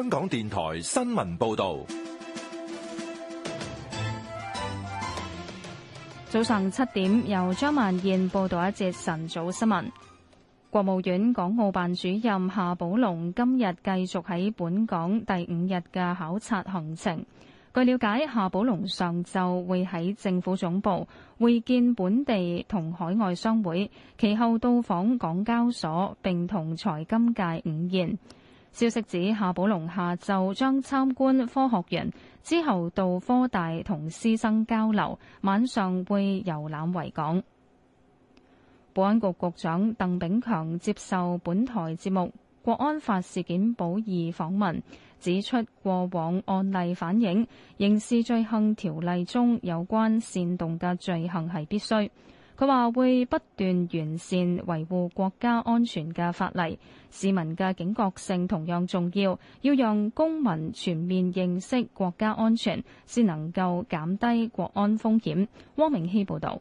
香港電台新聞報道，早上七點由張萬燕報道一節晨早新聞。國務院港澳辦主任夏寶龍今日繼續喺本港第五日嘅考察行程。據了解，夏寶龍上晝會喺政府總部會見本地同海外商會，其後到訪港交所，並同財金界午宴。消息指夏寶龍下晝將參觀科學園，之後到科大同師生交流，晚上會遊覽維港。保安局局長鄧炳強接受本台節目《國安法事件簿》訪問，指出過往案例反映，刑事罪行條例中有關煽動嘅罪行係必須。佢話會不斷完善維護國家安全嘅法例，市民嘅警覺性同樣重要，要讓公民全面認識國家安全，先能夠減低國安風險。汪明希報導。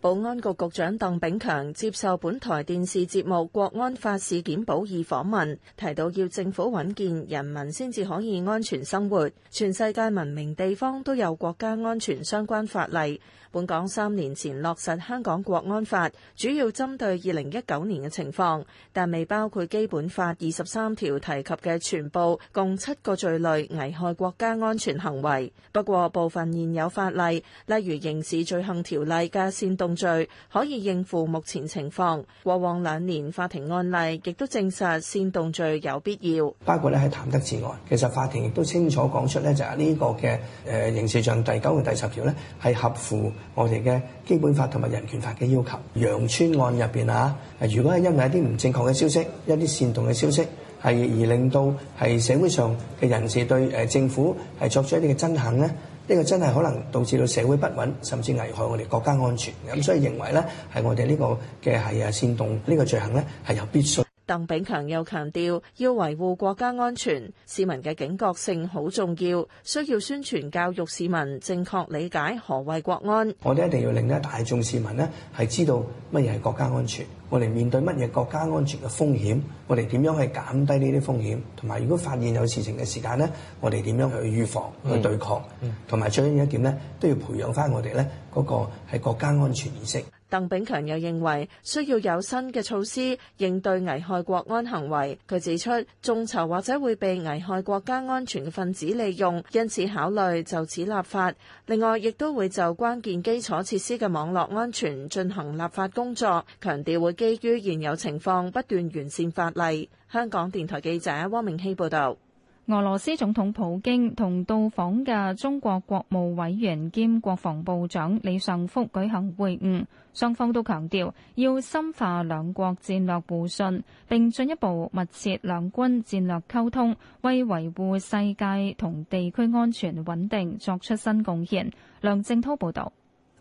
保安局局長鄧炳強接受本台電視節目《國安法事件保議》訪問，提到要政府穩健，人民先至可以安全生活。全世界文明地方都有國家安全相關法例。本港三年前落實《香港國安法》，主要針對二零一九年嘅情況，但未包括《基本法》二十三條提及嘅全部共七個罪類危害國家安全行為。不過部分現有法例，例如刑事罪行條例嘅煽動罪可以應付目前情況，過往兩年法庭案例亦都證實煽動罪有必要，包括咧係譚德志案。其實法庭亦都清楚講出咧，就係、是、呢個嘅、誒、呃、刑事上第九同第十條咧係合乎我哋嘅基本法同埋人權法嘅要求。楊川案入邊啊，如果係因為一啲唔正確嘅消息，一啲煽動嘅消息係而令到係社會上嘅人士對誒政府係作出一啲嘅憎恨呢。呢個真係可能導致到社會不穩，甚至危害我哋國家安全。咁所以認為咧，係我哋呢個嘅係啊煽動呢個罪行咧，係有必須。鄧炳強又強調，要維護國家安全，市民嘅警覺性好重要，需要宣傳教育市民正確理解何謂國安。我哋一定要令咧大眾市民呢係知道乜嘢係國家安全，我哋面對乜嘢國家安全嘅風險，我哋點樣去減低呢啲風險，同埋如果發現有事情嘅時間呢，我哋點樣去預防、去對抗，同埋、嗯嗯、最重要一點呢，都要培養翻我哋呢嗰個係國家安全意識。鄧炳強又認為需要有新嘅措施應對危害國安行為。佢指出，眾籌或者會被危害國家安全嘅分子利用，因此考慮就此立法。另外，亦都會就關鍵基礎設施嘅網絡安全進行立法工作，強調會基於現有情況不斷完善法例。香港電台記者汪明熙報道。俄羅斯總統普京同到訪嘅中國國務委員兼國防部長李尚福舉行會晤，雙方都強調要深化兩國戰略互信，並進一步密切兩軍戰略溝通，為維護世界同地區安全穩定作出新貢獻。梁正濤報道。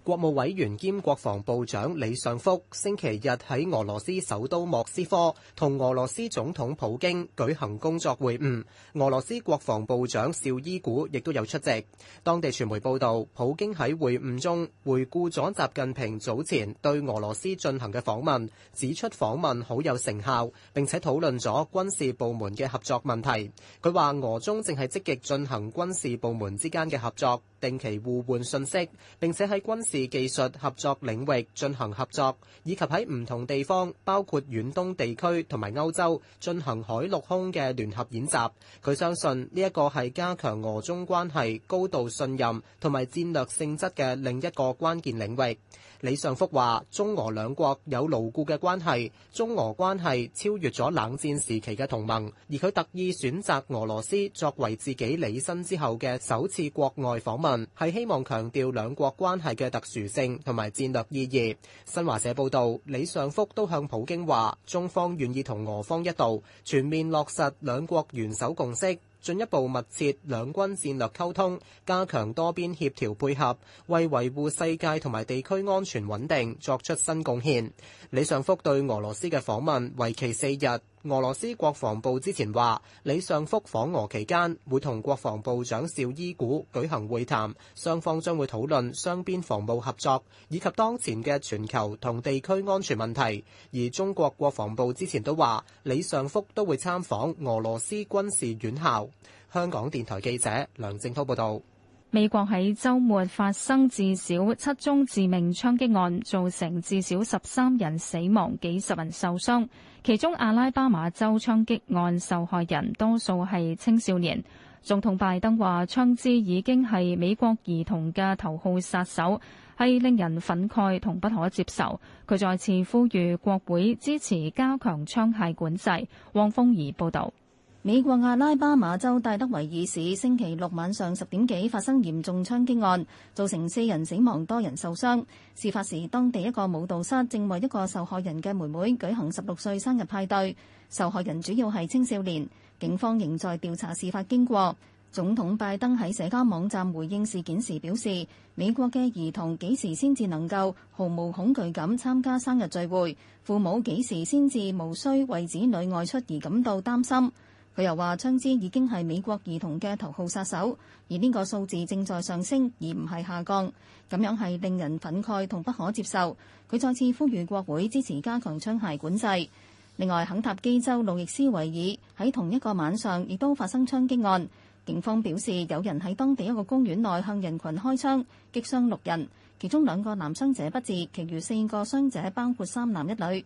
國務委員兼國防部長李尚福星期日喺俄羅斯首都莫斯科同俄羅斯總統普京舉行工作會晤。俄羅斯國防部長紹伊古亦都有出席。當地傳媒報道，普京喺會晤中回顧咗習近平早前對俄羅斯進行嘅訪問，指出訪問好有成效，並且討論咗軍事部門嘅合作問題。佢話俄中正係積極進行軍事部門之間嘅合作，定期互換信息，並且喺軍事。技術合作領域進行合作，以及喺唔同地方，包括遠東地區同埋歐洲進行海陸空嘅聯合演習。佢相信呢一個係加強俄中關係高度信任同埋戰略性質嘅另一個關鍵領域。李尚福話：中俄兩國有牢固嘅關係，中俄關係超越咗冷戰時期嘅同盟。而佢特意選擇俄羅斯作為自己履新之後嘅首次國外訪問，係希望強調兩國關係嘅特。殊性同埋戰略意義。新華社報道，李尚福都向普京話，中方願意同俄方一道全面落實兩國元首共識，進一步密切兩軍戰略溝通，加強多邊協調配合，為維護世界同埋地區安全穩定作出新貢獻。李尚福對俄羅斯嘅訪問為期四日。俄羅斯國防部之前話，李尚福訪俄期間會同國防部長邵伊古舉行會談，雙方將會討論雙邊防務合作以及當前嘅全球同地區安全問題。而中國國防部之前都話，李尚福都會參訪俄羅斯軍事院校。香港電台記者梁正滔報道。美國喺周末發生至少七宗致命槍擊案，造成至少十三人死亡、幾十人受傷。其中阿拉巴馬州槍擊案受害人多數係青少年。總統拜登話：槍支已經係美國兒童嘅頭號殺手，係令人憤慨同不可接受。佢再次呼籲國會支持加強槍械管制。汪峰儀報道。美國阿拉巴馬州戴德維爾市星期六晚上十點幾發生嚴重槍擊案，造成四人死亡，多人受傷。事發時，當地一個舞蹈室正為一個受害人嘅妹妹舉行十六歲生日派對。受害人主要係青少年。警方仍在調查事發經過。總統拜登喺社交網站回應事件時表示，美國嘅兒童幾時先至能夠毫無恐懼咁參加生日聚會？父母幾時先至無需為子女外出而感到擔心？佢又話槍支已經係美國兒童嘅頭號殺手，而呢個數字正在上升，而唔係下降，咁樣係令人憤慨同不可接受。佢再次呼籲國會支持加強槍械管制。另外，肯塔基州路易斯維爾喺同一個晚上亦都發生槍擊案，警方表示，有人喺當地一個公園內向人群開槍，擊傷六人，其中兩個男傷者不治，其餘四個傷者包括三男一女。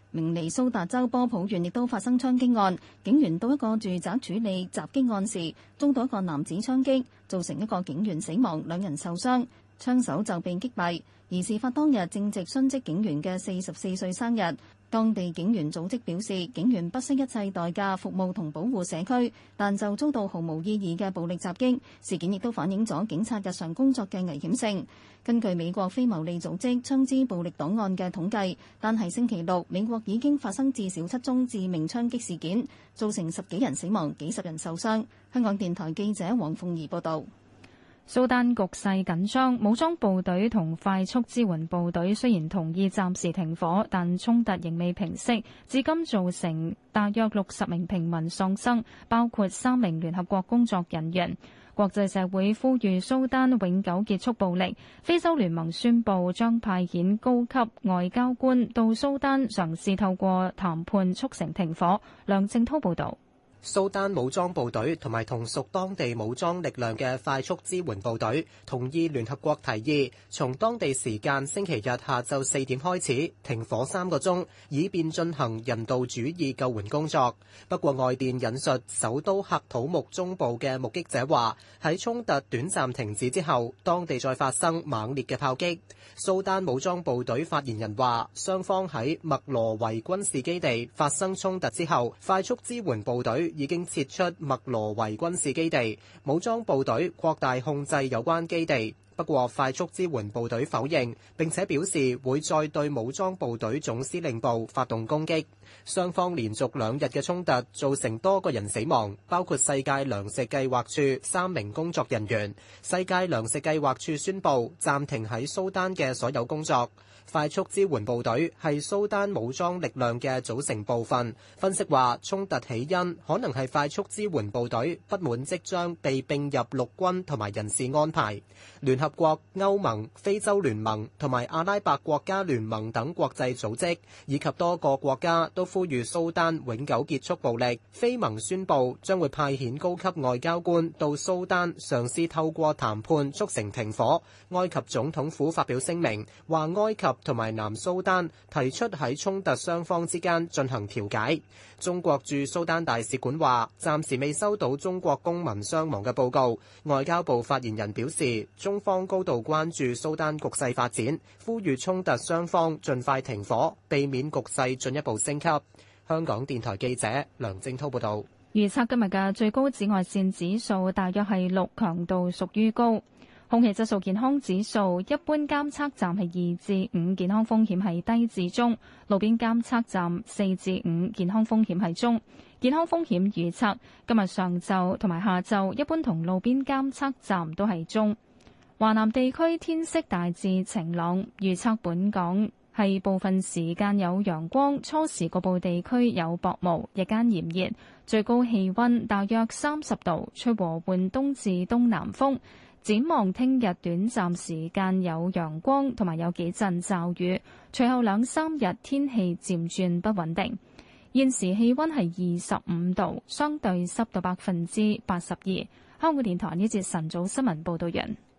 明尼蘇達州波普縣亦都發生槍擊案，警員到一個住宅處理襲擊案時，遭到一個男子槍擊，造成一個警員死亡，兩人受傷。槍手就被擊斃，而事發當日正值殉職警員嘅四十四歲生日。當地警員組織表示，警員不惜一切代價服務同保護社區，但就遭到毫無意義嘅暴力襲擊。事件亦都反映咗警察日常工作嘅危險性。根據美國非牟利組織槍支暴力檔案嘅統計，單係星期六美國已經發生至少七宗致命槍擊事件，造成十幾人死亡、幾十人受傷。香港電台記者黃鳳儀報導。蘇丹局勢緊張，武裝部隊同快速支援部隊雖然同意暫時停火，但衝突仍未平息。至今造成大約六十名平民喪生，包括三名聯合國工作人員。國際社會呼籲蘇丹永久結束暴力。非洲聯盟宣布將派遣高級外交官到蘇丹，嘗試透過談判促成停火。梁正濤報道。蘇丹武裝部隊同埋同屬當地武裝力量嘅快速支援部隊同意聯合國提議，從當地時間星期日下晝四點開始停火三個鐘，以便進行人道主義救援工作。不過，外電引述首都喀土木中部嘅目擊者話，喺衝突短暫停止之後，當地再發生猛烈嘅炮擊。蘇丹武裝部隊發言人話，雙方喺麥羅維軍事基地發生衝突之後，快速支援部隊已經撤出麥羅維軍事基地，武裝部隊擴大控制有關基地。不過，快速支援部隊否認，並且表示會再對武裝部隊總司令部發動攻擊。雙方連續兩日嘅衝突造成多個人死亡，包括世界糧食計劃處三名工作人員。世界糧食計劃處宣布暫停喺蘇丹嘅所有工作。快速支援部隊係蘇丹武裝力量嘅組成部分。分析話，衝突起因可能係快速支援部隊不滿即將被併入陸軍同埋人事安排。聯合國、歐盟、非洲聯盟同埋阿拉伯國家聯盟等國際組織以及多個國家都呼籲蘇丹永久結束暴力。非盟宣布將會派遣高級外交官到蘇丹，嘗試透過談判促成停火。埃及總統府發表聲明話埃及同埋南蘇丹提出喺衝突雙方之間進行調解。中國駐蘇丹大使館話：暫時未收到中國公民傷亡嘅報告。外交部發言人表示，中方高度關注蘇丹局勢發展，呼籲衝突雙方盡快停火，避免局勢進一步升級。香港電台記者梁正滔報導。預測今日嘅最高紫外線指數大約係六，強度屬於高。空氣質素健康指數，一般監測站係二至五，健康風險係低至中；路邊監測站四至五，健康風險係中。健康風險預測今日上晝同埋下晝，一般同路邊監測站都係中。華南地區天色大致晴朗，預測本港係部分時間有陽光，初時局部地區有薄霧，日間炎熱，最高氣溫大約三十度，吹和緩東至東南風。展望聽日短暫時間有陽光，同埋有幾陣驟雨。隨後兩三日天氣漸轉不穩定。現時氣溫係二十五度，相對濕度百分之八十二。香港電台呢節晨早新聞報道完。